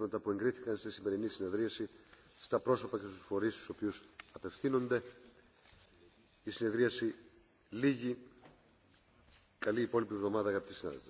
ζητήματα που εγκρίθηκαν στη σημερινή συνεδρίαση στα πρόσωπα και στους φορείς στους οποίους απευθύνονται. Η συνεδρίαση λίγη. Καλή υπόλοιπη εβδομάδα αγαπητοί συνάδελφοι.